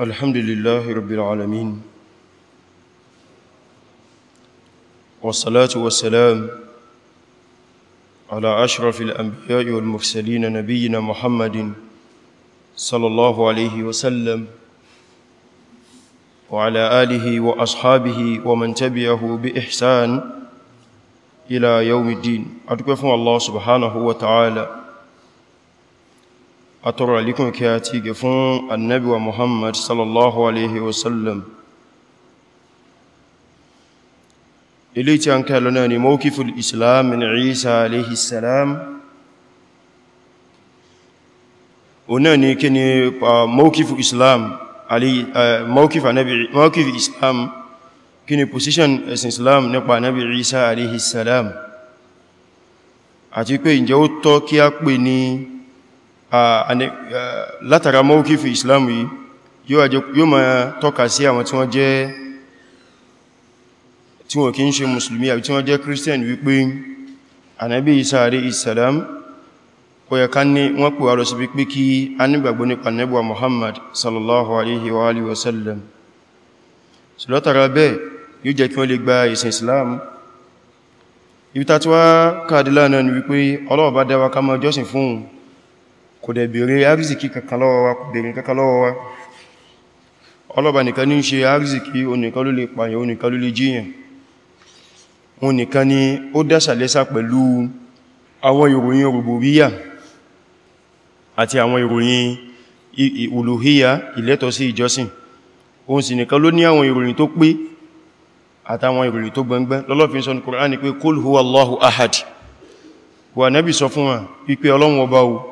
الحمد لله رب العالمين والصلاة والسلام على أشرف الأنبياء والمرسلين نبينا محمد صلى الله عليه وسلم وعلى آله وأصحابه ومن تبعه بإحسان إلى يوم الدين أتكفوا الله سبحانه وتعالى atọrọ alikun kí a ti gẹ fún annabi wa muhammad sallallahu alaihi wasallam ilé tí a ń kẹlọ náà ni mawkiful islam min isa alaihi salam o náà ni kí ni mawkiful islam mawkif islam kí ni position ẹ̀sìn islam nípa annabi isa alaihi salam àti pé ǹjẹ́ ó tọ́ kí a pè ní Ah, eh, látara mọ́kí fi islam yìí yóò ma tọ́ka sí àwọn tí wọ́n jẹ́ tí wọ́n kí ń ṣe musulmi àbí tí wọ́n jẹ́ christian wípé ànábí isa alayhi salam ọ̀yẹ̀ ká ní wọ́n pè wá lọ sí wípé kí a nígbàgbọ́ nípa nẹ́bùwa muhammad sallallahu alaihi wa wasallam so látara bẹ́ẹ̀ yóò jẹ́ islam ibi ta tí wá káàdìlá náà ni wípé ọlọ́ọ̀bá dáwà kò dẹ̀ bèèrè arziki kankan lọ́wọ́ wa kò bèèrè kankan lọ́wọ́ wa ọlọ́ba nìkan ní ṣe arziki onìkan ló lè pààyàn onìkan ló lè jíyàn onìkan ni ó dásà lẹ́sà pẹ̀lú àwọn ìròyìn rububiyya àti àwọn ìròyìn uluhiyya ìlẹ́tọ̀ sí ìjọsìn òun sì nìkan ló ní àwọn ìròyìn tó pé àtàwọn ìròyìn tó gbọngbẹ́ lọ́lọ́fin sọ ní Kùránì pé kúl huwa Allahu ahad wà nábì sọ fún wa pípẹ́ ọlọ́run ọba o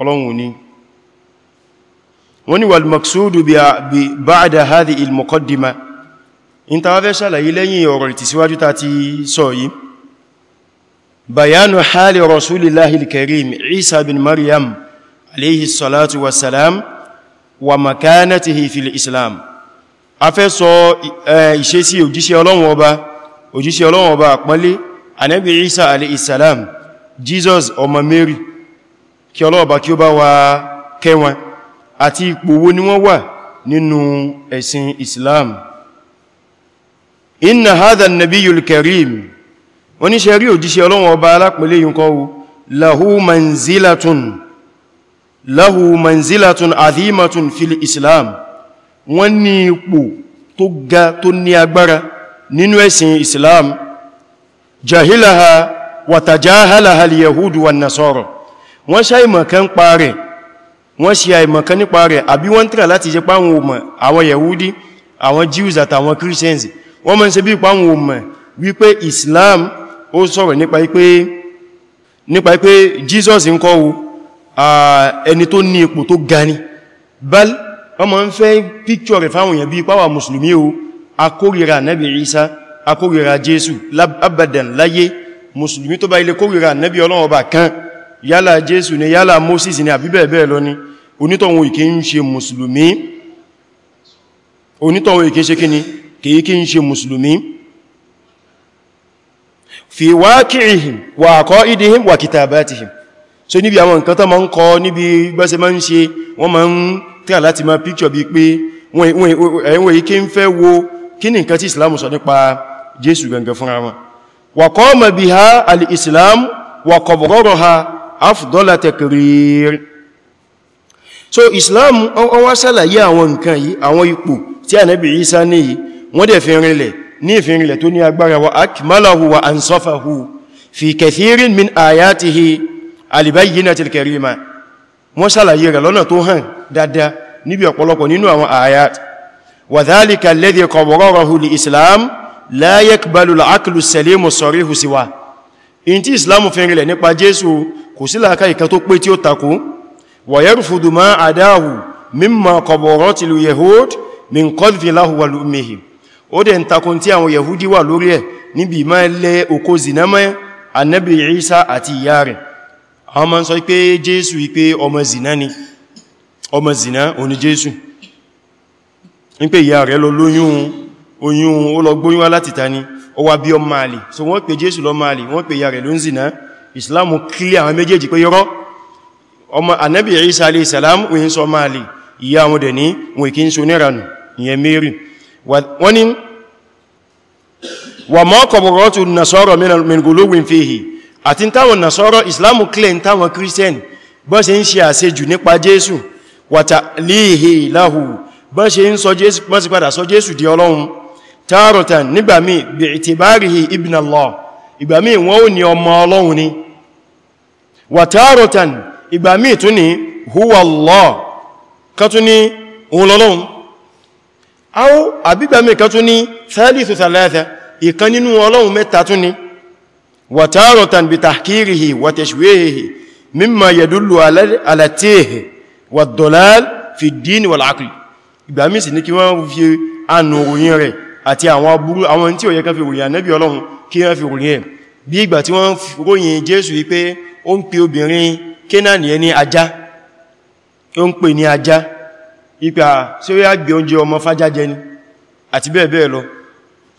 ọlọ́run ní wọ́n ni wal maqsudu bí ba'da hadhihi al-muqaddima in ta wáfẹ́ ṣàlàyé lẹ́yìn ọ̀rọ̀ ìtìsíwájú ta ti sọ yìí bayanu hali rasulillahi al-karim isa bin maryam alayhi salatu wassalam wa makanatihi fil islam a fẹ́ sọ ìṣesí òjíṣẹ́ ọlọ́run ọba òjíṣẹ́ ọlọ́run ọba àpọ́nlé anabi isa alayhi salam jesus ọmọ mary kí ọlọ́ọ̀bá kí ó bá wa kẹwọn àti ipò wo ni wọ́n wà nínú ẹ̀sìn Islam inna hadha an-nabiyyul karim wọ́n ní ṣe rí òjíṣẹ́ Ọlọ́run ọba alápẹ̀lẹ́ yìí jahilaha wa tajahalaha al-yahudu wan-nasara wọ́n ṣe àìmọ̀kan pa rẹ̀ wọ́n ṣe àìmọ̀kan nípa rẹ̀ àbí wọ́n tíra láti jẹ páwọn òmọ̀ àwọn yahudi àwọn jews àtàwọn christians wọ́n mọ́ ṣe bí páwọn òmọ̀ wípé islam ó sọ̀rọ̀ nípa ipé nípa ipé jesus ń kọ́ ẹni tó ní ipò tó gani bal wọ́n mọ́ ń fẹ́ píkṣọ̀ rẹ̀ fáwọn èèyàn bí páwà mùsùlùmí o akórira nabi isa akórira jesu abadan láyé mùsùlùmí tó bá ilé kórira nabi ọlọ́wọ́ bá kan yálà jésù ni yálà moses ni àbí bẹ́ẹ̀ bẹ́ẹ̀ lọ ni onítọ̀wọ̀n ìkí ń ṣe mùsùlùmí onítọ̀wọ̀n ìkí ń ṣe kíni kìí kí ń ṣe mùsùlùmí fi waqi'ihim wa aqa'idihim wa kitabatihim so níbi àwọn nǹkan tó máa ń kọ níbi bẹ́sẹ̀ máa ń ṣe wọ́n máa ń tẹ́ láti máa picture bí pé ẹ̀wọ̀n ìkí ń fẹ́ wo kí ni nǹkan tí islam sọ nípa jésù gangan fúnra wọn wa qama biha al-islam wa ha afdọ́lá tẹkìrìrì so islam wọ́n wá ṣàlàyé àwọn nǹkan yìí àwọn ipò tí ànábì Ìsá ní yìí wọ́n dẹ̀ fi rinlẹ̀ ní ìfinrinlẹ̀ tó ní agbára wa akmalahu wa ansafahu fi kathirin min ayatihi albayyinatil karima wọ́n ṣàlàyé rẹ̀ lọ́nà tó hàn dáadáa níbi ọ̀pọ̀lọpọ̀ nínú àwọn ayat wa dhalika alladhi qawarrahu li islam la yakbalu al-aqlu as-salimu as-sarihu siwa in islam fi rinlẹ̀ nípa jésù kò sí láàká ìkan tó pé tí ó takó wa yarfudu ma adahu mimma qabaratil yahud min qadhfi lahu wa lu'mihi ó dẹ̀ ń takó tí àwọn yahudi wà lórí ẹ̀ níbi ìmá ilẹ̀ òkó zinamẹ́ annabi isa àti ìyá rẹ̀ àwọn ma ń sọ pé jésù pé ọmọ zina ni ọmọ zina òní jésù ń islam kílẹ̀ àwọn méjèèjì pé yọrọ ọmọ anábì isa alayhi salam wọ́n sọ máa lè ìyá wọn dẹ̀ ní wọ́n kí ń so níranù ìyẹn mẹ́rin wọ́n ni wà mọ́ kọ̀bọ̀rọ̀ tó nasọ́rọ̀ mẹ́golówin fèhì àti táwọn nasọ́rọ̀ islam kílẹ̀ táwọn christian bọ́ ṣe ń ṣe àṣejù nípa jésù wàtà léhe láhù bọ́ nígbàmí bí ìtìbárihi ibn allah ìgbà míì wọ́n ó ní ọmọ ọlọ́run ni wàtàrọ̀tàn ìgbà míì tún ní huwallọ́ kàtún ní òun lọ́lọ́run áwọ́ àbígbà míì kàtún ní thalithu thalatha ìkan nínú ọlọ́run mẹ́ta tún ní wàtàrọ̀tàn bí tahkirihi wa tashwihihi mimma yadullu ala fi ad-din wal ní kí wọ́n fi ànùròyìn rẹ̀ àti àwọn aburú àwọn tí ó yẹ kan fi ròyìn ànábì ọlọ́run kí wọ́n fi ròyìn ẹ̀ bí ìgbà tí wọ́n ròyìn jésù wípé ó ń pe obìnrin kénàní ẹni ajá ó ń pè ní ajá ipa tí ó yá gbé oúnjẹ ọmọ fájá ni àti bẹ́ẹ̀ bẹ́ẹ̀ lọ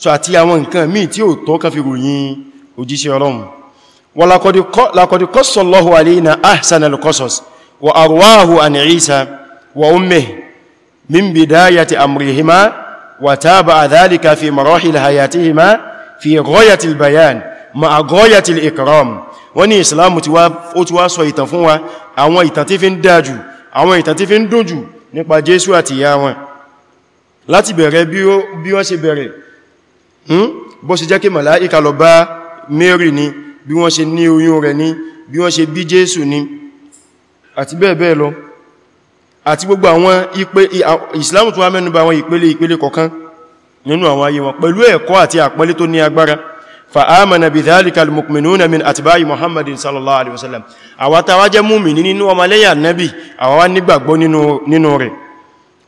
so àti àwọn nǹkan míì tí ó tọ́ kan fi ròyìn òjíṣẹ́ ọlọ́run wa laqad qassa Allahu alayna ahsana al-qasas wa arwahu an وتابع ذلك في مراحل حياتهما في غاية البيان مع غاية الإكرام wọ́n ní Islam ti wá ó ti wá sọ ìtàn fún wa àwọn ìtàn tí fi ń dájú àwọn ìtàn tí fi ń dùn jù nípa Jésù àti ìyá wọn láti bẹ̀rẹ̀ bí wọ́n ṣe bẹ̀rẹ̀ hmm? bó ṣe jẹ́ kí màláíkà lọ bá Mary ni bí wọ́n ṣe ní oyún rẹ̀ ni bí wọ́n ṣe bí Jésù ni àti bẹ́ẹ̀ bẹ́ẹ̀ lọ àti gbogbo àwọn ìpè ìsìláàmù tún wá mẹ́nubà àwọn ìpele ìpele kọ̀kan nínú àwọn ayé wọn pẹ̀lú ẹ̀kọ́ àti àpọ́lé tó ní agbára fa'amana bi dhalika al-mu'minuna min atba'i muhammadin sallallahu alaihi wasallam àwa tá wá jẹ́ mu'mini nínú ọmọ lẹ́yìn annabi àwa wá nígbàgbọ́ nínú rẹ̀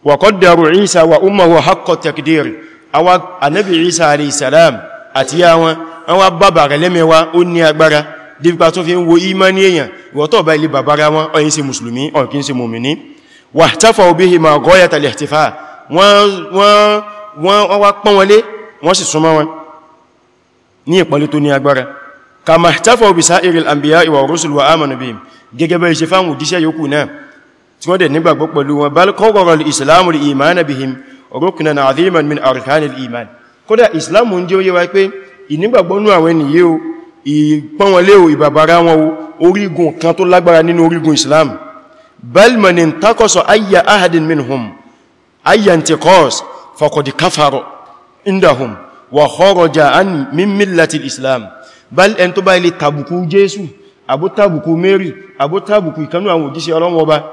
wa qaddaru isa wa ummuhu haqqa taqdir àwa annabi isa alayhi salam àti ya wọn an wa babara lẹ́mẹ́wa wàtàfà òbíhì ma gọ́yà tàlẹ̀ ìtìfà wọ́n wá pọ́n wọlé wọ́n sì súnmọ́ wọn ní ìpọ̀lẹ̀ tó ní agbára ka ma tàfà òbí sáàrìl àmbíyà ìwà rúsùlù wa amanu bihim gẹ́gẹ́ bẹ́ ṣe fáwọn òjíṣẹ́ yòókù náà tí wọ́n dẹ̀ nígbàgbọ́ pẹ̀lú wọn bal kọ́gọ̀rọ̀ ìsìlámù lè ìmánà bal man intaqasa ayya ahadin minhum ayya intiqas faqad kafara indahum wa kharaja an min millati al-islam bal en tó bá ilé tàbùkù Jésù abu tàbùkù Mary abu tàbùkù ìkanú àwọn òjíṣẹ́ Ọlọ́run Ọba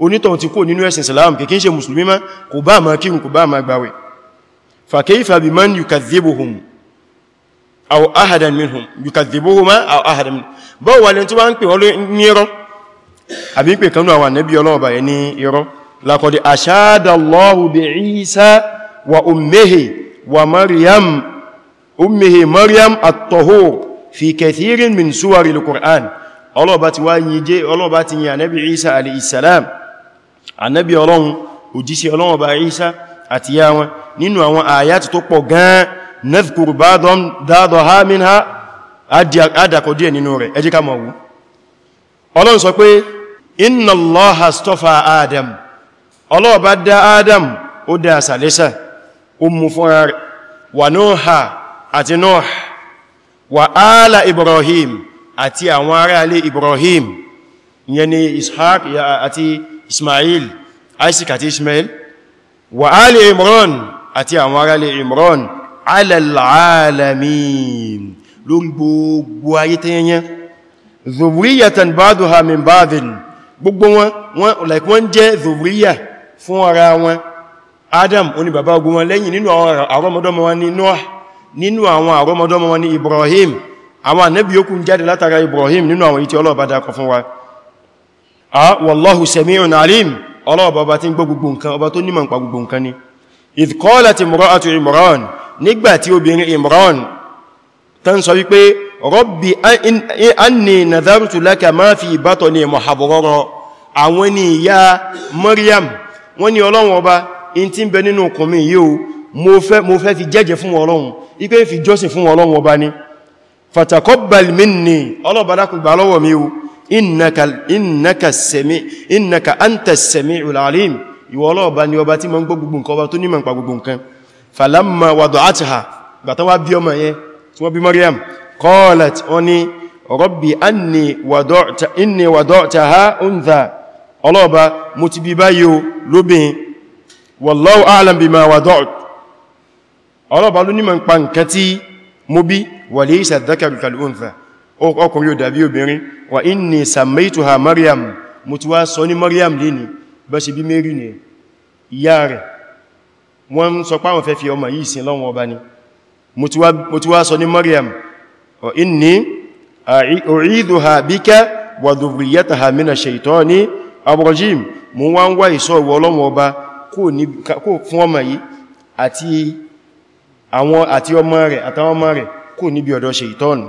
onítọ̀hún ti kó nínú ẹ̀sìn Islam kekin ṣe muslimi ma kò bá ma kírun kò bá ma gbààwẹ̀ fa kayfa biman yukadhibuhum aw ahadan minhum yukadhibuhuma aw ahadan bó wà len tó bá ń pè lo niro àbí pé kanú àwọn ànábí ọlọ́ọ̀bà ẹ̀ ní irọ́ laqad ashada Allahu bi Isa wa ummihi wa Maryam ummihi Maryam at-tahur fi kathirin min suwari al-Qur'an ọlọ́ọ̀bá ti wá yí jẹ́ ọlọ́ọ̀bá ti yí ànábí Isa alayhisalam ànábí ọlọ́run òjísí ọlọ́ọ̀bá Isa àti ya wọn nínú àwọn àyàtì tó pọ̀ gan nadhkur ba'dan dadaha minha adàkọ̀ díẹ̀ nínú rẹ̀ ẹ jẹ́ ọlọ́run sọ pé inna allaha astafa adam ọlọ́run bá dá adam ó dá sàlẹ́sà ó mú fúnra rẹ̀ wà nóòhà àti nóòhà wà áàlà ibrahim àti àwọn ará alé ibrahim yẹn ni ishaq àti ismail isaac àti ismail wà áàlì imran àti àwọn ará alé imran alal alamin lórí gbogbo ayé tẹ́yẹnyẹn zuriyatan ba'duha min ba'dhin gbogbo wọn wọn like wọ́n jẹ́ zuriya fún ara wọn adam ó ní bàbá ogun wọn lẹ́yìn nínú àwọn àrọ́mọdọ́mọ wọn ni noah nínú àwọn àrọ́mọdọ́mọ wọn ni ibrahim àwọn ànábì yòókù jáde látara ibrahim nínú àwọn ìtí ọlọ́ọ̀bá dákọ fún wa ah wallahu sami'un alim ọlọ́ọ̀bá bá ti ń gbọ́ gbogbo nǹkan ọba rọ́bì anni nazartu laka ma fi batni muharraran àwọn ni ìyá Maryam wọ́n ni ọlọ́run ọba in ti ń bẹ nínú ọkàn mi yíò mo fẹ́ fi jẹ́jẹ́ fún ọlọ́run ipé fi jọ́sìn fún ọlọ́run ọba ni fataqabbal minni ọlọ́bàdákùgbà lọ́wọ́ mi o innaka sami innaka anta sami'ul alim ìwọ ọlọ́ọ̀bá ni ọba tí ma ń gbọ́ gbogbo nǹkan ọba tó nímọ̀ pa gbogbo nǹkan falamma wada'atha gbàtán wá bí ọmọ yẹn tí wọ́n bí Maryam qalat oni rabbi anni wada'ta inni wada'taha untha ọlọ́ọ̀bá mo ti bí báyìí o lóbin wallahu a'lam bima wada'tu ọlọ́ọ̀bá ló nímọ̀ ń pa nǹkan tí mo bí wa laysa dhakaru kal untha ọkùnrin ò dàbí obìnrin wa inni sammaytuha maryam mo ti wá sọ ní maryam léni bá ṣe bí mary ni ìyá rẹ̀ wọ́n sọ páwọn fẹ́ fi ọmọ yìí sin lọ́wọ́ ọba ni mo ti wá sọ ní maryam inni u'idhuha bika wa dhurriyyataha minash shaitani ar-rajim mo wá ń wá ìṣọ́ ìwọ Ọlọ́run Ọba kó fún ọmọ yìí àti àwọn àti ọmọ rẹ̀ àtàwọn ọmọ rẹ̀ kó níbi ọ̀dọ̀ ṣaitọ́nù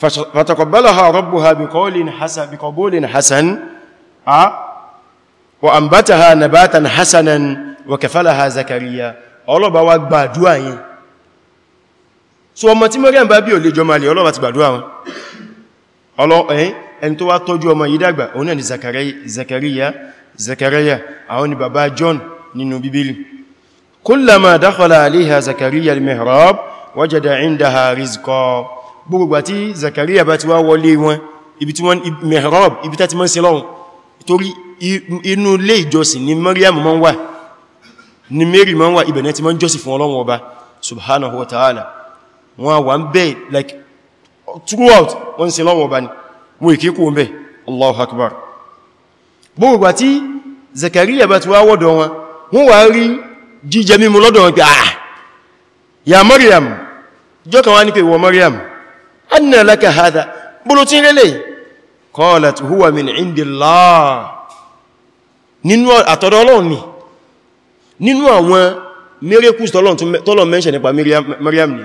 fataqabbalaha rabbuha wa gbàdúwà yìí so ọmọ tí mọ́rẹ́ bá bí ò lè jọ máa lè ọlọ́wà ti gbàdúrà wọn ọlọ́ẹ̀yìn ẹni tó wá tọ́jú ọmọ yìí dàgbà òun náà ni Zakariya Zakariya àwọn ni bàbá John nínú bíbélì kullama dakhala alayha Zakariya al-mihrab wajada indaha rizqa gbogbo tí Zakariya bá ti wá wọlé wọn ibi tí wọ́n mihrab ibi tá ti mọ́ sí lọ́wọ́ torí inú ilé ìjọsìn ni Maryam mọ́ wà ni Mary mọ́ wà ibẹ̀ náà ti mọ́ jọ́sìn fún Ọlọ́run ọba subhanahu wa ta'ala wọn wà ń bẹ́ like throughout wọ́n ṣe lọ́wọ́ bá ní wọ́n èké kó ń bẹ́ Allahu Akbar gbogbo àti Zakariya bá ti wá wọ́dọ̀ wọn wọ́n wà rí jíjẹ mímu lọ́dọ̀ wọn pé ah ya Maryam jọ́ka wá ní pé wọ Maryam anna laka hadha bolo tí rẹ̀lẹ̀ qalat huwa min indillah nínú àtọ̀dọ̀ Ọlọ́run ni nínú àwọn miracles tọ́lọ̀ mention nípa Maryam ni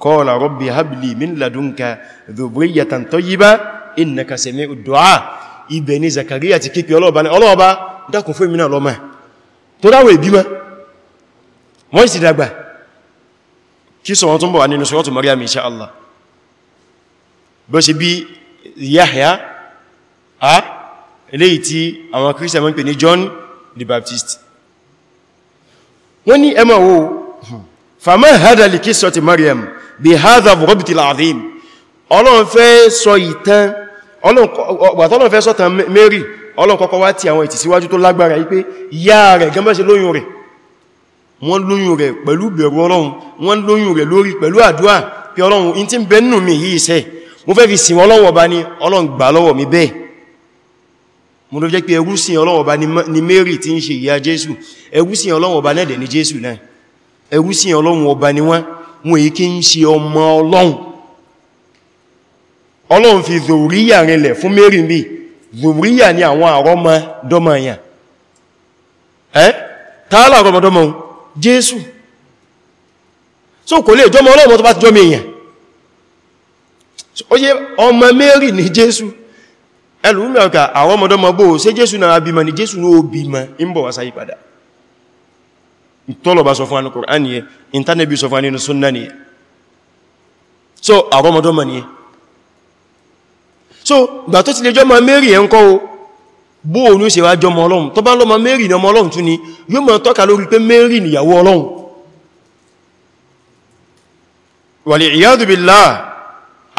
قال رب هب لي من لدنك ذرية طيبة إنك سميع الدعاء ibẹ̀ ni Zakaria ti kíkẹ́ ọlọ́ọ̀bá ní ọlọ́ọ̀bá dákùn fún ìmìnà lọ́mà tó dáwọ̀ ìbímọ wọ́n sì dàgbà kí sọ wọ́n tún bọ̀ wà nínú suratu Maryam insha Allah bọ́ sí bí Yahya a eléyìí tí àwọn Christian bihadha rabbil azim ọlọ́run fẹ́ sọ ìtàn ọlọ́run fẹ́ sọ́tàn Mary ọlọ́run kọ́kọ́ wá ti àwọn ìtìsíwájú tó lágbára yìí pé ya rẹ̀ gẹ́mọ́ ṣe lóyún rẹ̀ wọ́n lóyún rẹ̀ pẹ̀lú bẹ̀rù ọlọ́run wọ́n lóyún rẹ̀ lórí pẹ̀lú àdúà pé ọlọ́run in ti ń bẹ nínú mi yìí iṣẹ́ mo fẹ́ fi sìn ọlọ́wọ̀ bá ní ọlọ́run gbà lọ́wọ́ mi bẹ́ẹ̀ mo lọ jẹ́ pé ẹrú sìn ọlọ́wọ̀ bá ní Mary tí ń ṣe ìyá Jésù ẹrú sìn ọlọ́wọ̀ bá nẹ́dẹ̀ ní Jésù náà ẹrú sìn ọlọ́run ọba ni wọ́n wọn èyí kí ń ṣe ọmọ ọlọ́run ọlọ́run fi zòríyà rinlẹ̀ fún mẹ́rin bí zòríyà ni àwọn àrọ́mọ dọ́mọ yàn ẹ́ tààlà àrọ́mọ dọ́mọ jésù so kò lè jọmọ ọlọ́run tó bá ti ó ọmọ mẹ́rin ni jésù ẹlùmí ọkà bóò jésù náà ni jésù ló bímọ ń bọ̀ ìtọ́lọ̀bá sọ fún Al-Qur'an yẹ ìntánẹ́bí sọ fún nínú súnnà ni so àrọmọdọ́mọ ni so gbà tó ti lè jọmọ Mary ẹ ń kọ́ o bó o ní ó ṣe wá jọmọ Ọlọ́run tó bá lọ́mọ Mary ní Ọlọ́run tún ni yóò mọ̀ tọ́ka billah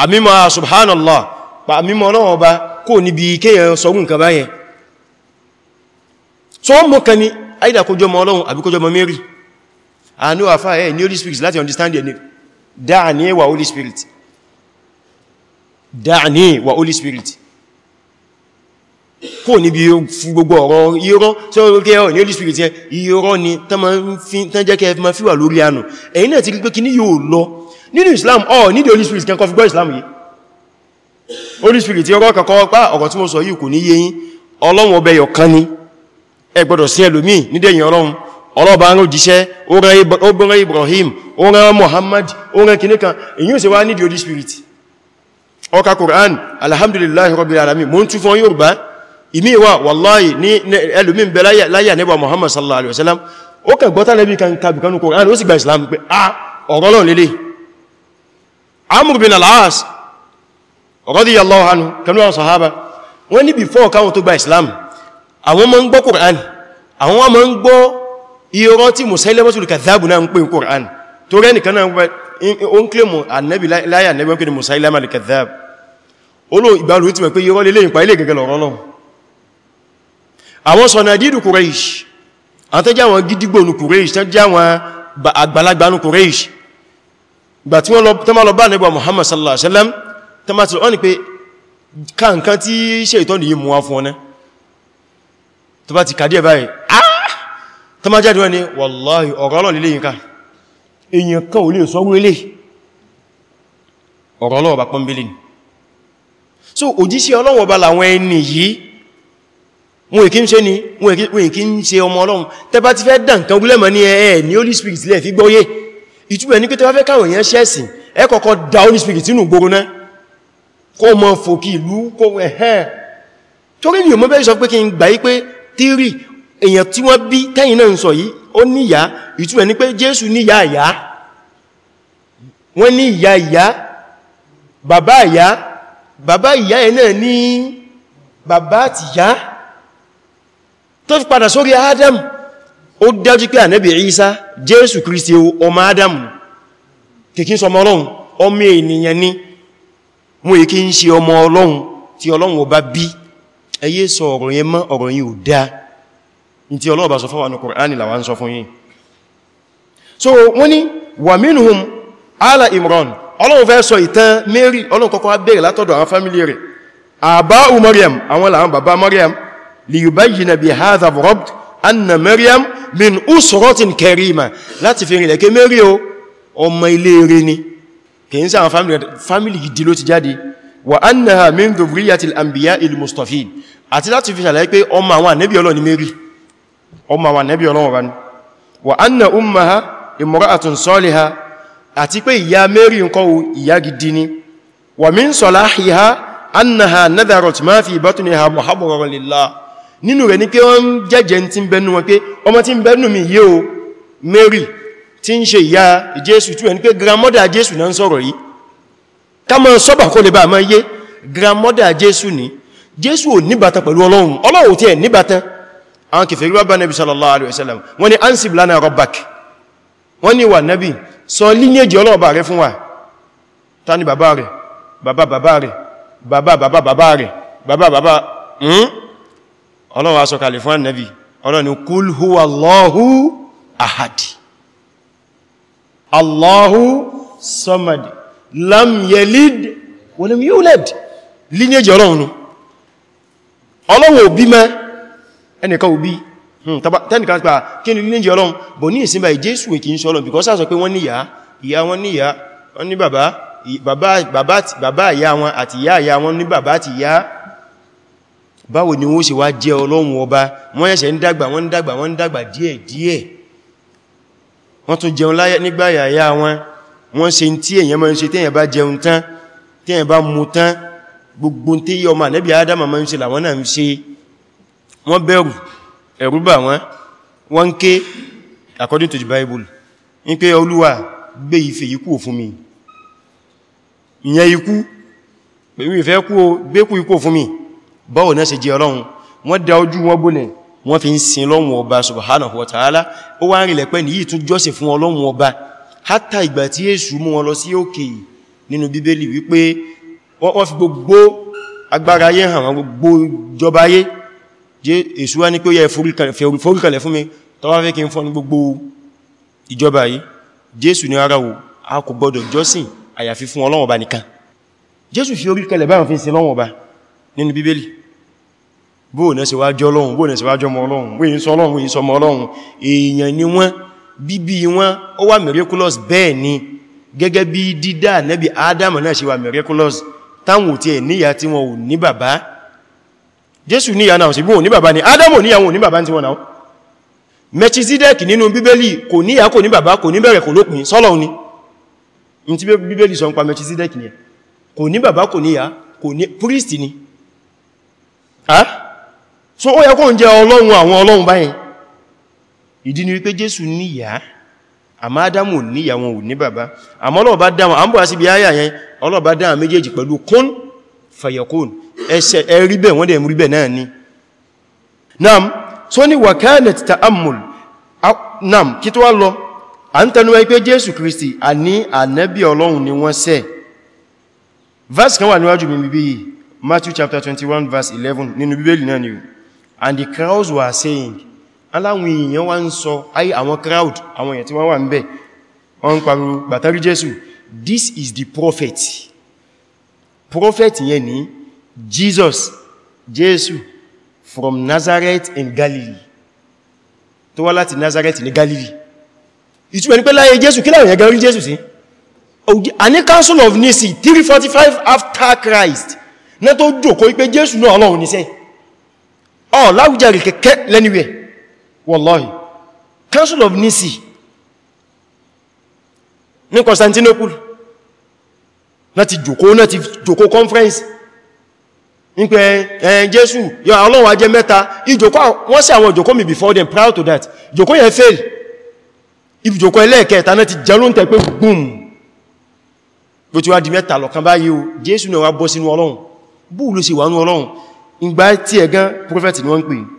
àmìmọ̀ ah, subhanallah pa àmìmọ̀ Ọlọ́run ọba kò níbi kéèyàn sọgún kan báyẹn so ni Aida kó jọmọ Ọlọ́run àbí kó jọmọ Mary àánú àfá ẹ̀ ní Holy Spirit láti understand ẹ̀ ní dáa wa Holy Spirit dáa wa Holy Spirit kò níbi fún gbogbo ọ̀rọ̀ irọ́ tí ó rí ẹ̀họ̀ ní Holy Spirit yẹn iro ni tán jẹ́ kẹfẹ́ ma fíwà lórí ànù ẹ̀yin náà ti rí pé kí ní yóò lọ nínú Islam ọ̀ nídìí Holy Spirit kẹ́kọ́ fi gbọ́ Islam yìí Holy Spirit yẹn rọ́ kọ̀kọ́ pá ọ̀rọ̀ tí mo sọ yìí kò ní yé yín Ọlọ́run ọbẹ̀ kan ni ẹ gbọ́dọ̀ sí ẹlòmí nídẹ̀yìn ọlọ́run ọlọ́ba ń jíṣẹ́ oran Ibrahim oran Muhammad oran kìníkan èyí ò sì wá nídìí Holy Spirit ọka Quran Alhamdulillah rabbil alamin mo ń tún fún Yorùbá ìmí wà wallahi ni ẹlòmí ń bẹ láyà nẹ́bà Muhammad sallallahu alaihi wasallam ó kàn gbọ́ta lẹ́bí kan kàbìkanú Quran ó Islam pé a ah, ọ̀rọ̀ lọ́n lélẹ̀ bin al-As radiyallahu anhu sahaba wọ́n before káwọn tó gba Islam àwọn ma ń gbọ́ Qur'an àwọn ma ń gbọ́ irọ́ tí Musailamatul Kadhdhab náà ń pè Qur'an tó rẹ́ nìkan náà ó ń klé mọ̀ annabi láyà annabi wọ́n pè ní Musailamatul Kadhdhab olóò ìgbàlù tí mẹ́ pé irọ́ lélẹ́yìn pa ilé gẹ́gẹ́ lọ́rọ́ náà àwọn lọ bá nẹ́gbà Muhammad sallallahu alaihi wasallam tẹ́mà tí ó ní pé káàkán tí ṣe ìtọ́nì yìí mú wá fún ọ náà tó bá ti kàdí ẹ̀ báyìí ah tó má jáde wọ́n ni wallahi ọ̀rọ̀ ọlọ́ lílé yínká èyàn kan ò lè sọ́rọ̀ ilé ọ̀rọ̀ ọlọ́ọ̀bá pọ́nbílì ni so òjíṣẹ́ ọlọ́wọ̀bá làwọn ẹni yìí wọn èkí ń ṣe ni wọn èkí ń ṣe ọmọ ọlọ́run tẹ bá ti fẹ́ dàn kan gúlẹ̀ mọ́ ní ẹ̀ẹ́ ní holy spirit lẹ́ fi gbọ́yé ìtúbẹ̀ ní pé torí ni ò mọ́ bẹ́ sọ pé kí n gbà pé tírì èyàn tí wọ́n bí tẹ́yìn náà ń sọ yìí ó níyà ìtumọ̀ ní pé Jésù níyà àyá wọ́n ní ìyá ìyá bàbá ìyá bàbá ìyá ẹ̀ náà ní bàbá àti ìyá tó fi padà sórí Adam ó dájú pé ànẹ́bì Ìsá Jésù Kristi ọmọ Adam kìkí sọmọ Ọlọ́run ọmọ ènìyàn ni mú èkí ń ṣe ọmọ Ọlọ́run tí Ọlọ́run ọba bí ẹyẹ sọ ọ̀rọ̀ yẹn mọ́ ọ̀rọ̀ yìí ò dá ní tí ọlọ́ọ̀bá sọ fún wa ní Kùránì làwá sọ fún yín so wọ́n ni wà minhum ala Imran ọlọ́run fẹ́ sọ ìtàn Mary ọlọ́run kọ́kọ́ bèèrè látọ̀dọ̀ àwọn fámílì rẹ̀ àbáù Maryam àwọn làwọn bàbá Maryam liyubayyina anna Maryam min usratin karima láti fi rìnlẹ̀ kí Mary o ọmọ ilé rẹ̀ wa annaha min dhurriyyati al-anbiya al-mustafid àti láti fi ṣàlàyé pé ọmọ àwọn ànábì Ọlọ́run ni Mary ọmọ àwọn ànábì Ọlọ́run bá ní wa anna ummaha imra'atun salihah àti pé ìyá Mary ńkọ́ o ìyá gidi ni wa min salahiha annaha nadharat ma fi batniha muhabbaran lillah nínú rẹ̀ ni pé wọ́n jẹ́jẹ́ tí ìyá Jésù ni pé grandmother Jésù náà ń sọ̀rọ̀ yìí kama sọ́bà kó lè bá ma yé grandmother Jésù ní Jésù ò níbàtà pẹ̀lú Ọlọ́run Ọlọ́run tí ẹ̀ níbàtà àwọn kìfèrí bá Nábì sallallahu alaihi wasallam wọ́n ni ansib lana rabbak wọ́n ni wà Nábì sọ lineage Ọlọ́run rẹ fún wa ta ni bàbá rẹ̀ bàbá bàbá rẹ̀ bàbá bàbá bàbá rẹ̀ bàbá bàbá hmm? Ọlọ́run aṣọ kalẹ̀ fún Nábì Ọlọ́run ni kul huwa ahad Allahu samad lam yelid walam yulad lineage ọlọ́run ọlọ́run òbí mẹ́ ẹnìkan òbí hmm, tẹ́nìkan pa kí ni lineage ọlọ́run bọ̀ ní ìsinmi jésù èkì ń sọ́lọ̀ because sásọ pé wọ́n níyà ìyá wọn níyà wọ́n ní bàbá bàbá ìyá wọn àti ìyá ìyá wọn ní bàbá àti ìyá báwo ni wọ́n ṣe wá jẹ́ ọlọ́run ọba wọ́n ẹ̀ṣẹ̀ ń dàgbà wọ́n dàgbà wọ́n dàgbà díẹ̀ wọ́n tún jẹun láyé nígbà yàyà wọn wọ́n ṣe tí èyàn máa ń ṣe tẹ́yàn bá jẹun tán tẹ́yàn bá mu tán gbogbo tí yí ọmọ ànẹ́bí adama máa ń ṣe làwọn náà ń ṣe wọ́n bẹ̀rù ẹ̀rù bà wọ́n wọ́n ń ké according to the Bible ń pé olúwa gbé ife ikú fún mi ìyẹn ikú pẹ̀lú ìfẹ́ kú o gbé kú ikú fún mi báwo náà ṣe jẹ ọlọ́run wọ́n da ojú wọn bolẹ̀ wọ́n fi ń sin ọlọ́run ọba subhanahu wa ta'ala ó wá ń rìnlẹ̀ pẹ́ nìyí tún jọ́sìn fún ọlọ́run ọba hátà ìgbà tí Èṣù mú wọn lọ sí òkè nínú bíbélì wípé wọ́n fi gbogbo agbára ayé hàn wọn gbogbo ìjọba ayé jẹ́ Èṣù wá ní pé ó yẹ foríkalẹ̀ fún mi tọ́wọ́ fẹ́ kí n fọ́ ní gbogbo ìjọba ayé Jésù ní ara wo a kò gbọdọ̀ jọ́sìn àyàfi bóò náà ṣe wá Ọlọ́run bóò náà ṣe wá ọmọ Ọlọ́run wéyìn sọ Ọlọ́run wéyìn sọ ọmọ Ọlọ́run èèyàn ni wọ́n bíbí wọn ó wà miraculous bẹ́ẹ̀ ni gẹ́gẹ́ bí dídá nẹ́bí Adam náà ṣe wà miraculous táwọn tí ẹ̀ níyà tí wọn ò ní bàbá Jésù níyà náà sí bí ò ní bàbá ni Adam ò níyà wọn ò ní bàbá tí wọn náà Melchizedek nínú bíbélì kò níyà kò ní bàbá kò ní bẹ̀rẹ̀ kò lópin pa Melchizedek ni kò ní bàbá kò níyà kò ní priest ni so ó yẹ kó ń jẹ Ọlọ́run àwọn ìdí ni wípé Jésù níyà àmá Ádámù níyà wọn ò ní bàbá àmọ́ Ọlọ́run bá dá wọn àmbọ̀ sí ibi ayà yẹn Ọlọ́run bá méjèèjì pẹ̀lú kún fayakun ẹsẹ̀ ẹrí bẹ̀ wọ́n dẹ̀ mú rí bẹ̀ náà nam tó ní wakanet ta'ammul nam kí tó wá lọ à ń tẹnu wípé Jésù verse kan wà Matthew chapter 21 verse 11 nínú Bíbélì náà ni and the crowds were saying aláwọn èèyàn wá ń sọ ayé àwọn crowd àwọn èèyàn tí wọ́n wà ń bẹ̀ wọ́n ń bàtàrí jésù this is the prophet prophet yẹn ni jesus jésù from nazareth in galilee tó wá láti nazareth ní galilee ìtumọ̀ ní pé láyé jésù kí láwọn ẹgbẹ̀rún jésù sí a ní council of Nisi 345 after christ náà tó jòkó wípé jésù náà ọlọ́run níṣẹ́ ọ̀ láwùjáre kẹ́kẹ́ lẹ́niwẹ̀ẹ́ wallahi council of Nicaea ní Constantinople láti jòkó náà ti jòkó conference ní pé ẹ̀yìn Jésù yọ Ọlọ́run á jẹ́ mẹ́ta ìjòkó wọ́n sí àwọn ìjòkó mi before them proud to that ìjòkó yẹn fail ìjòkó ẹlẹ́ẹ̀kẹta náà ti jẹun tẹ́ pé boom bó ti wá di mẹ́ta lọ̀kan báyìí o Jésù náà wá bọ́ sínú Ọlọ́run búù ló sì wà ní Ọlọ́run ìgbà tí ẹ̀gán prophet ni wọ́n ń pè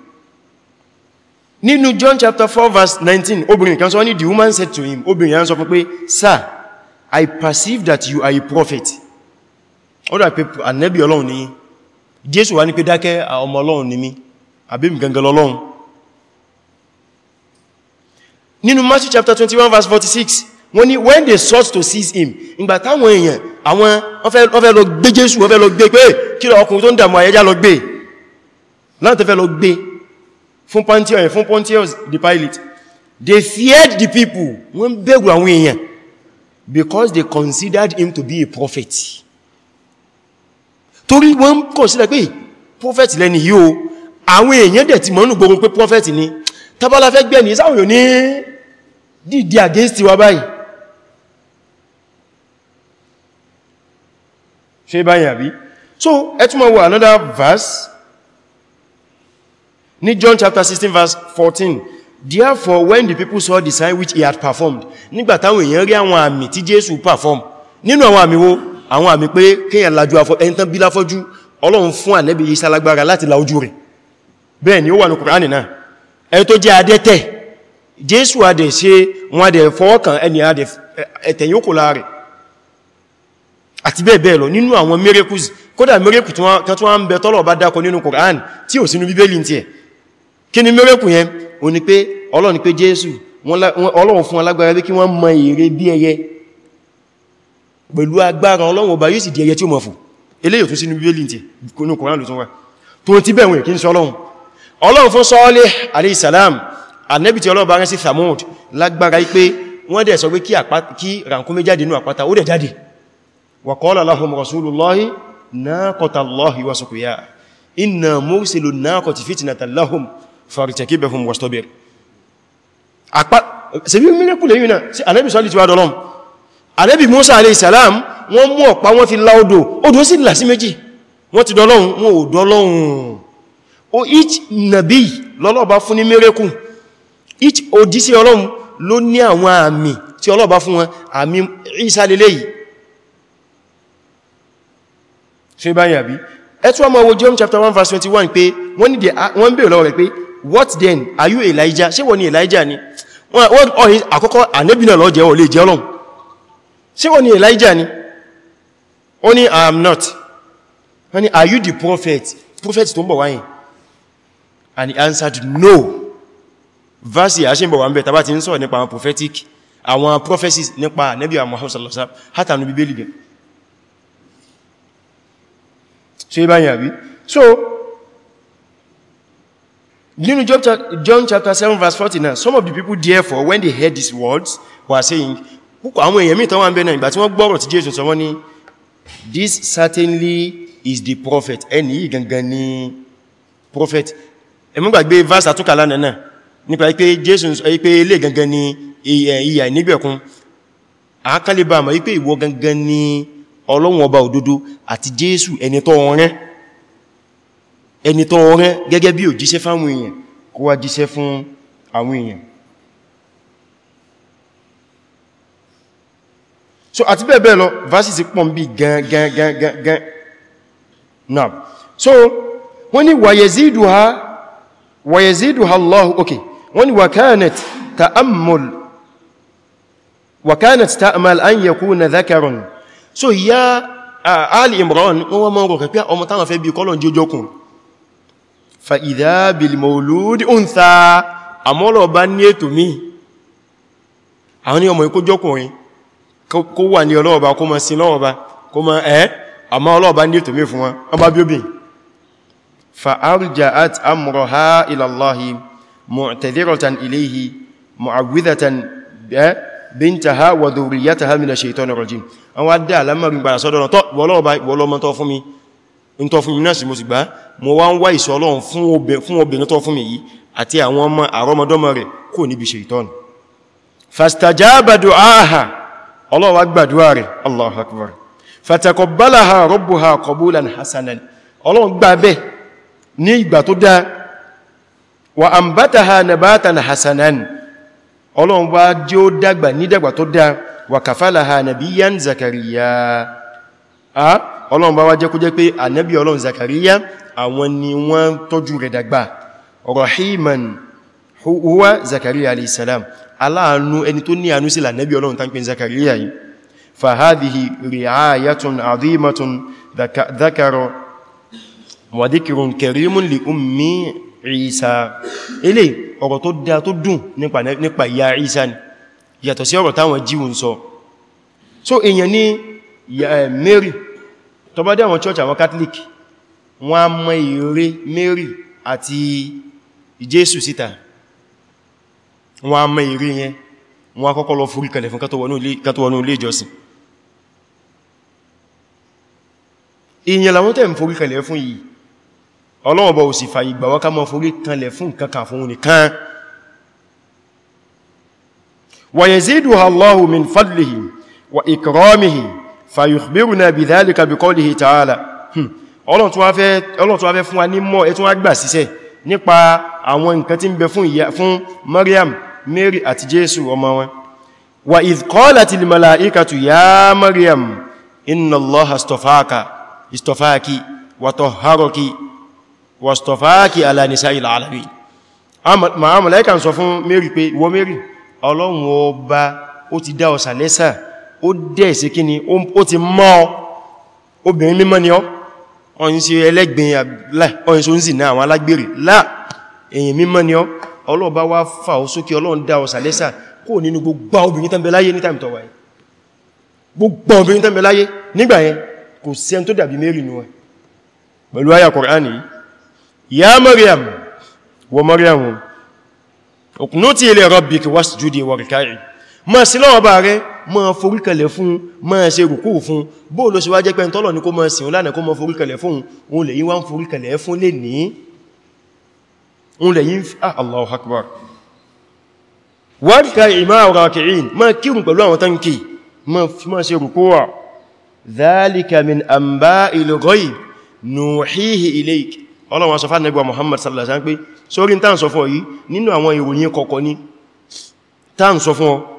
nínú John chapter 4 verse 19 obìnrin kan sọ ní the woman said to him obìnrin yán sọ fún pé sir I perceive that you are a prophet ọdọ̀ àpẹ ànẹ́bí ọlọ́run ní Jésù wá ní pé dákẹ́ ọmọ ọlọ́run ní mi àbí gangan ọlọ́run nínú Matthew chapter 21 verse 46 wọ́n ní when they sought to seize him ìgbà táwọn èèyàn àwọn wọ́n fẹ́ lọ gbé Jésù wọ́n fẹ́ lọ gbé pé kí lọ ọkùnrin tó ń dàmú ayẹjá lọ gbé láti fẹ́ lọ gbé fún Pontius eh, fún Pontius the pilot, they feared the people wọ́n bẹ̀rù àwọn èèyàn because they considered him to be a prophet torí wọ́n consider pé prophet lẹ́ni yíò àwọn èèyàn dẹ̀ ti mọ́nù gbogbo pé prophet ni tàbálà fẹ́ gbẹ̀ ní sáwọn yóò ní dìdí against wa báyìí ṣe báyìí àbí so ẹtùmọ̀ wọ another verse ní John chapter 16 verse 14 therefore when the people saw the sign which he had performed nígbà táwọn èèyàn rí àwọn àmì tí Jésù perform nínú àwọn àmì wo àwọn àmì pé kéèyàn lajú afọ ẹni tán bí láfọ́jú Ọlọ́run fún ànẹ́bí Ìsá lágbára láti la ojú rẹ̀ bẹ́ẹ̀ ni ó wà ní Kùránì náà ẹni tó jẹ́ adẹ́tẹ̀ Jésù adẹ̀ ṣe wọn adẹ̀ fọwọ́kàn ẹni adẹ̀ ẹ̀tẹ̀ yóò kò láàrẹ̀ àti bẹ́ẹ̀ bẹ́ẹ̀ lọ nínú àwọn miracles kódà miracles tí wọ́n ń bẹ tọ́lọ̀ bá dákọ nínú Kùránì tí ò sínú Bíbélì tiẹ̀ kí ni mẹ́rẹ̀kù yẹn o ni pé ọlọ́run ni pé jésù ọlọ́run fún alágbára bí kí wọ́n mọ ère bí ẹyẹ pẹ̀lú agbára ọlọ́run ọba yóò sì di ẹyẹ tí ó mọ̀ fò eléyìí tún sínú bíbélì tí kúnnù kòrán ló tún wà tó ti bẹ̀rùn kí n sọ ọlọ́run ọlọ́run fún sọ́ọ́lẹ̀ aléìsàlám anẹ́bì tí ọlọ́run bá rán sí thamud lágbára pé wọ́n dẹ̀ sọ pé kí ràkúnmí jáde nínú àpáta ó dẹ̀ jáde wa qala lahum rasulullahi naqatallahi wa suqyaha inna mursilu naqati fitnatan lahum fàrìtẹ̀kíbẹ̀fún wọ́stọ́bẹ̀rẹ̀ àpá ṣebí mílẹ̀kùlẹ̀ yìí náà sí alẹ́bì sọ́lì ti wá dọ́lọ́m alẹ́bì Musa alayhis salam wọ́n mú ọ̀pá wọ́n fi lá odò odò sì là sí méjì wọ́n ti dọ́lọ́hun wọn ò dọ́lọ́hun o each nabi lọ́lọ́ba fún ní mẹ́rẹ́kù each odisi ọlọ́run ló ní àwọn àmì tí ọlọ́ba fún wọn àmì Isa lélẹ́yìí ṣe báyìí àbí ẹtù ọmọ owó John chapter 1 verse 21 pé wọ́n ní wọ́n bèèrè lọ́wọ́ rẹ̀ pé what then are you Elijah ṣé wọ́n ni Elijah ni wọ́n ọ̀hìn àkọ́kọ́ ànẹ́bìnà lọ jẹ́ olè jẹ́ ọlọ́run ṣé wọ́n ni Elijah ni ó I am not wọ́n are you the prophet prophet tó ń bọ̀ wáyìn and he answered no verse yà ṣe ń bọ̀ wá ń bẹ̀ tàbá ti ń sọ nípa àwọn prophetic àwọn prophecies nípa ànẹ́bì àwọn Muhammad sallallahu alaihi wasallam hátànú bíbélì gẹ̀ so ibáyìn àbí so nínú John chapter 7 verse 40 some of the people therefore when they heard these words were saying púpọ̀ àwọn èèyàn mìí tán wà ń bẹ náà ìgbà tí wọ́n gbọ́rọ̀ tí Jésù sọ wọ́n ní this certainly is the prophet ẹni yìí gangan ni prophet ẹmúgbàgbé verse àtúnkà lánàá náà nípa pé Jésù sọ pé ilé gangan ni ìyà ìnígbẹ̀kún àákálẹ̀ bá mọ̀ wípé ìwọ gangan ni Ọlọ́run ọba òdodo àti Jésù ẹni tó rán ẹni tó rán gẹ́gẹ́ bí òjíṣẹ́ fáwọn èèyàn kó wá jíṣẹ́ fún àwọn èèyàn so àti bẹ́ẹ̀ bẹ́ẹ̀ lọ verses pọ̀ ń bí gan gan gan gan gan náà so wọ́n ni wayaziduha wayaziduha Allahu ok wọ́n ni wakanat ta'ammul wakanat ta'amal an yakuna dhakarun so ya Ali Imran wọ́n wọ́n mọ́ rọ̀ kẹ́ pé ọmọ táwọn fẹ́ bí kọ́lọ̀ jíjọkùn fa idha bil mawludi untha àmọ́lọ̀ bá ní ètò mí àwọn ní ọmọ ikú jọkùnrin kó wà ní ọlọ́ọ̀bá kó ma sin lọ́ọ̀bá kó ma ẹ́ àmọ́ ọlọ́ọ̀bá ní ètò mí fún wọn ọba bí obìn fa arja'at amraha ila Allahi mu'tadhiratan ilayhi mu'awwidhatan bintaha wa dhurriyyataha minash shaitanir rajim àwọn adé alamọ́rin gbàrà ń tọ́ fún mi náà sí mo sì gbá mo wá ń wá ìṣọ́ Ọlọ́run fún obìnrin tó fún mi yìí àti àwọn ọmọ àrọmọdọ́mọ rẹ̀ kò níbi Ṣaitan fastajaba du'aha Ọlọ́run wá gbàdúwà rẹ̀ Allahu akbar fataqabbalaha rabbuha qabulan hasanan Ọlọ́run gbà bẹ́ ní ìgbà tó dá wa ambataha nabatan hasanan Ọlọ́run wá jẹ́ ọlọ́run bá wá jẹ́ kó jẹ́ pé ànábì ọlọ́run zakariya àwọn ni wọ́n tọ́jú rẹ̀ dàgbà rahiman huwa zakariya alaihissalam aláàánú ẹni tó ní àánú sí lànábì ọlọ́run tán pín zakariya yìí fahadihi ri'ayatun azimatun dhakaro wa dhikrun karimun li ummi isa ilé ọ̀rọ̀ tó dá tó dùn nípa ìyá isa ni yàtọ̀ sí ọ̀rọ̀ táwọn jíwùn sọ so èèyàn ní Mary tó bá dé àwọn church àwọn catholic wọ́n á mọ ìre mary àti jésù síta wọ́n á mọ ìre yẹn wọ́n á kọ́kọ́ lọ forí kalẹ̀ fún kátó wọnú ilé ìjọsìn ìyẹn làwọn tẹ́ ń forí kalẹ̀ fún yìí Ọlọ́run bá ò sì fàyè gbà wá ká mọ́ forí kalẹ̀ fún kankan fún nìkan wa yaziduha Allahu min fadlihi wa ikramihi fàyùkbérùnà bí dhalika bí qawlihi ta'ala hmm. ọlọ́n tó wá fẹ́ fún wa ní mọ́ ẹ̀tún agbà síṣẹ́ nípa àwọn nǹkan tí ń bẹ fún ìyá fún Maryam Mary àti Jésù ọmọ wọn wa idh qalatil mala'ikatu ya Maryam inna Allaha istafaka istafaki ó dẹ̀ sí kí ni ó ti mọ́ ọ obìnrin mímọ́ ni ọ́ ọ̀yìn sí ẹlẹ́gbìn ọ̀yìn sí oúnjẹ náà àwọn alágbèrè láà èyìn mímọ́ ni ọ́ Ọlọ́run bá wá fà ó sókè Ọlọ́run dá ọ sàlẹ́sà kó nínú gbogbo obìnrin tán bẹ láyé ní tàbí tọwà gbogbo obìnrin tán bẹ láyé nígbà yẹn kò sí ẹn tó dàbí Mary nù ẹ pẹ̀lú àyà Kùránì ya Maryam wọ Maryam uqnuti li rabbiki wasjudi warka'i ma sí lọ́wọ́ bá rẹ̀ máa foríkẹlẹ̀ fún máa ṣe rùkú fún bó ló ṣe wá jẹ́ pé tọ́lọ̀ ní kó máa sìn lánàá kó máa foríkẹlẹ̀ fún òun lè yí wá ń foríkẹlẹ̀ fún lè ní òun lè yí ń fi ah, Allahu Akbar wárìká ìmá raki'in máa kírùn pẹ̀lú àwọn tánkì máa ṣe rùkú wà dhalika min anba'il ghaib nuhihi ilayk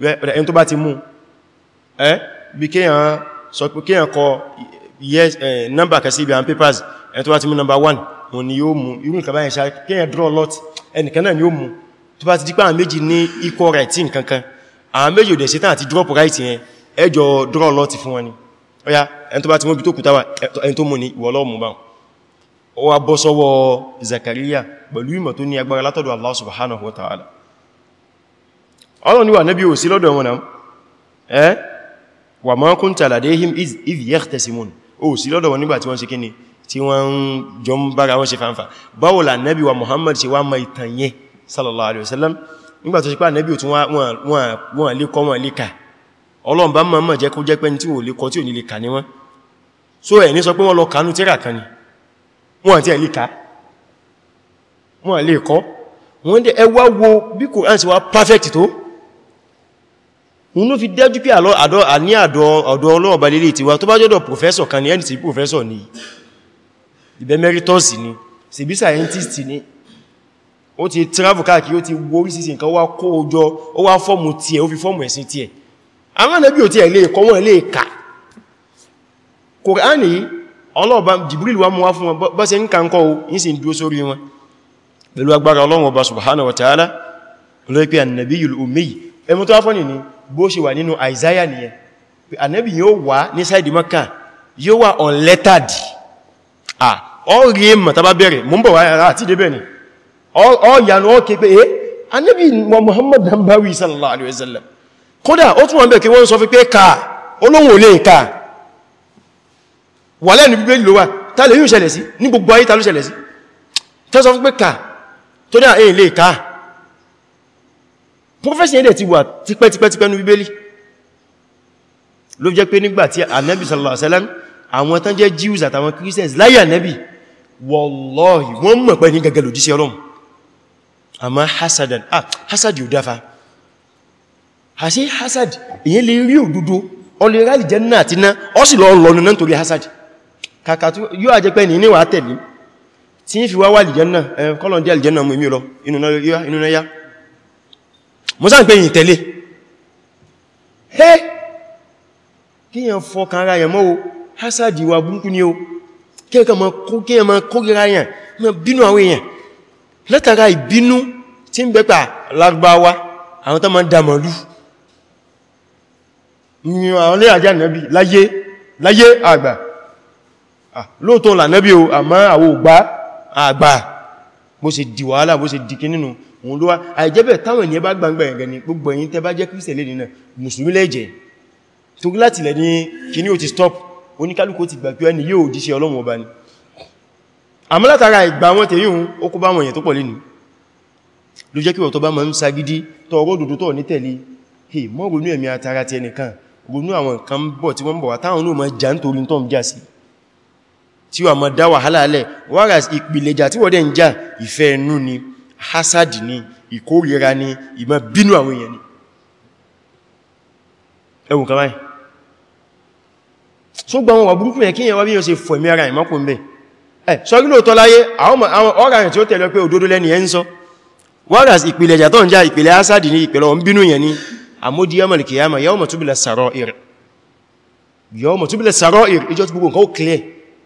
ẹni tó bá ti mú ẹ́ bí kéèyàn sọ pé kéèyàn kọ nọ́mbà kẹsí ibi àwọn papers ẹni tó bá ti mú nọ́mbà 1 wọn ni yóò mú irú nǹkan báyìí ṣá draw lot ẹnìkan náà ni yóò mú tó bá ti dípá àwọn méjì ní ikọ̀ rẹ̀ tí nǹkankan àwọn méjì ò dẹ̀ ṣetán àti draw lot fún wọn ni ọya ẹni tó bá ti mú ibi tó kùtà wà ẹni tó mú ni ìwọ ló mú bá ó ọlọ́run níwà nẹ́bí ò sí lọ́dọ̀ wọn náà ẹ́ wà ma kunta ladayhim idh yakhtasimun ò sí lọ́dọ̀ wọn nígbà tí wọ́n ṣe kíni tí wọ́n jọ ń bára wọ́n ṣe fàǹfà báwo nẹ́bí wa Muhammad ṣe wá sallallahu alaihi wasallam nígbà tó ṣe pá nẹ́bí òtún wọn lè kọ́ wọn lè kà ọlọ́run bá mọ̀ jẹ́ kó jẹ́ pé tí wọ́n lè kọ́ wọ́n ni wọ́n àti ẹ̀ lè kà wọ́n lè kọ́ wọ́n dẹ̀ ẹwà wo bí Kùránì ṣe wá perfect tó inú fi dájú pé ní àdọ̀ ọlọ́wọ̀ bá lélé ìtiwa tó bá jọ́dọ̀ professor kan ní ẹni sí professor ní ibẹ̀ meritus ni sí bí ni ó ti travel káàkiri ó ti wórí sí nǹkan wá kó ojọ́ ó wá fọ́ọ̀mù tiẹ̀ ó fi fọ́ọ̀mù ẹ̀sìn tiẹ̀ àwọn ànábì ò tiẹ̀ lè kọ́ wọn lè kà kòránì ọlọ́ọ̀bá Jibril wá mú wá fún wọn o yí sì ń dúró sórí wọn pẹ̀lú agbára tó wá fọ́nì ni bó ṣe wà nínú Isaiah nìyẹn ànábì yóò wá ní sáìdì mọ́kà yóò wà unlettered ah ọ rí èmà tàbá bẹ̀rẹ̀ mú bọ̀ wáyàrá àti débẹ̀ ni ọ yànú ọ képe eh ànábì wa Muhammad dambawi sallallahu alaihi wasallam kódà ó tún wọ́n bẹ̀ kí wọ́n sọ fi pé ká olóhun ò lè ká wà lẹ́nu bíbélì ló wà tàà lè yóò ṣẹlẹ̀ prophecy ẹ̀dẹ̀ ti wà tipẹ́tipẹ́tipẹ́ ní bíbélì ló jẹ́ pé nígbàtí ànábì sallallahu alaihi wasallam àwọn tán jẹ́ jews àtàwọn christians láyé ànábì wallahi wọ́n mọ̀ pé ní gẹ́gẹ́ lòdí sí ọlọ́run àmá hasadan ah hasad yóò dáfa àṣí hasad èyí lè rí òdodo ọlẹ́ ráàlì jẹ́ náà àti ná ọ sì lọ lọ́nu náà torí hasad kàkà tó yóò àjẹ́ pé ní níwà tẹ̀lé tí ń fi wá wà lìjẹ́ náà kọ́lọ̀ jẹ́ lìjẹ́ náà mú èmí lọ inú náà yá mo sáà ń pè yìn tẹ̀lé ẹ́ kíyàn fọkàn ara yẹn mọ́ o hasadi wa búnkú ni o kíyàn ma kógíra yẹn ma bínú àwọn èèyàn látara ìbínú tí ń bẹ́pà lágbàwá àwọn tó ma dàmọ̀lú ni àwọn lè àjá nàbí bó ṣe di wàhálà bó ṣe di kí nínú òun ló wá àìjẹ́bẹ̀ táwọn ènìyàn bá gbangba ẹ̀gẹ̀ ni gbogbo ẹ̀yin tẹ́ bá jẹ́ kírísẹ̀ lè nínú mùsùlùmí lẹ́jẹ̀ tó láti lẹ̀ ní kí ní ti stop oníkálùkù ti gbà pé ẹni yóò jíṣẹ́ ọlọ́run ọba ni àmọ́ látara ìgbà wọn tẹ̀yìn òun ó kó bá wọn èèyàn tó pọ̀ lẹ́nu ló jẹ́ kí wọ́n tó bá máa ń sagídí tó tí wà mọ̀ dá wàhálà alẹ́ whereas ìpìlẹ̀jà tí wọ́n dẹ̀ ń já ìfẹ́ ẹnu ni hasad ni ìkórira ni ìmọ̀ bínú àwọn èèyàn ni ẹwùn kan báyìí tó gba wọn wà burúkú yẹn kí yẹn wá bí yẹn ṣe fọ̀ ẹ̀mí ara ìmọ́kùn bẹ̀ tó gbogbo nǹkan ó clear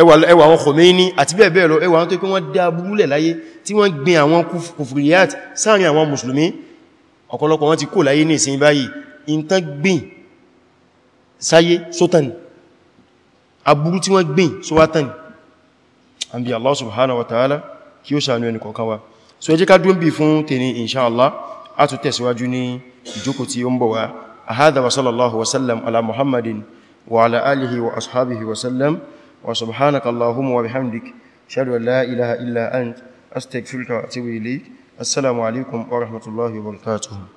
ẹwà àwọn Khomeini àti bẹ́ẹ̀ bẹ́ẹ̀ lọ ẹwà àwọn tó kí wọ́n dá búrúlẹ̀ láyé tí wọ́n gbin àwọn kùfùrìyàt sáàrin àwọn mùsùlùmí ọ̀pọ̀lọpọ̀ wọn ti kó láyé ní ìsìn báyìí ìntán gbìn sáyé sótàn aburú tí wọ́n gbìn sówátàn àbí Allah subhanahu wa ta'ala kí ó ṣàánú ẹni kọ̀ọ̀kan wa so ẹ jẹ́ ká dúnbì fún tèní inṣáàlá a tún tẹ̀síwájú ní ìjókòó tí ó ń وسبحانك اللهم وبحمدك أشهد أن لا إله إلا أنت أستغفرك وأتوب إليك السلام عليكم ورحمة الله وبركاته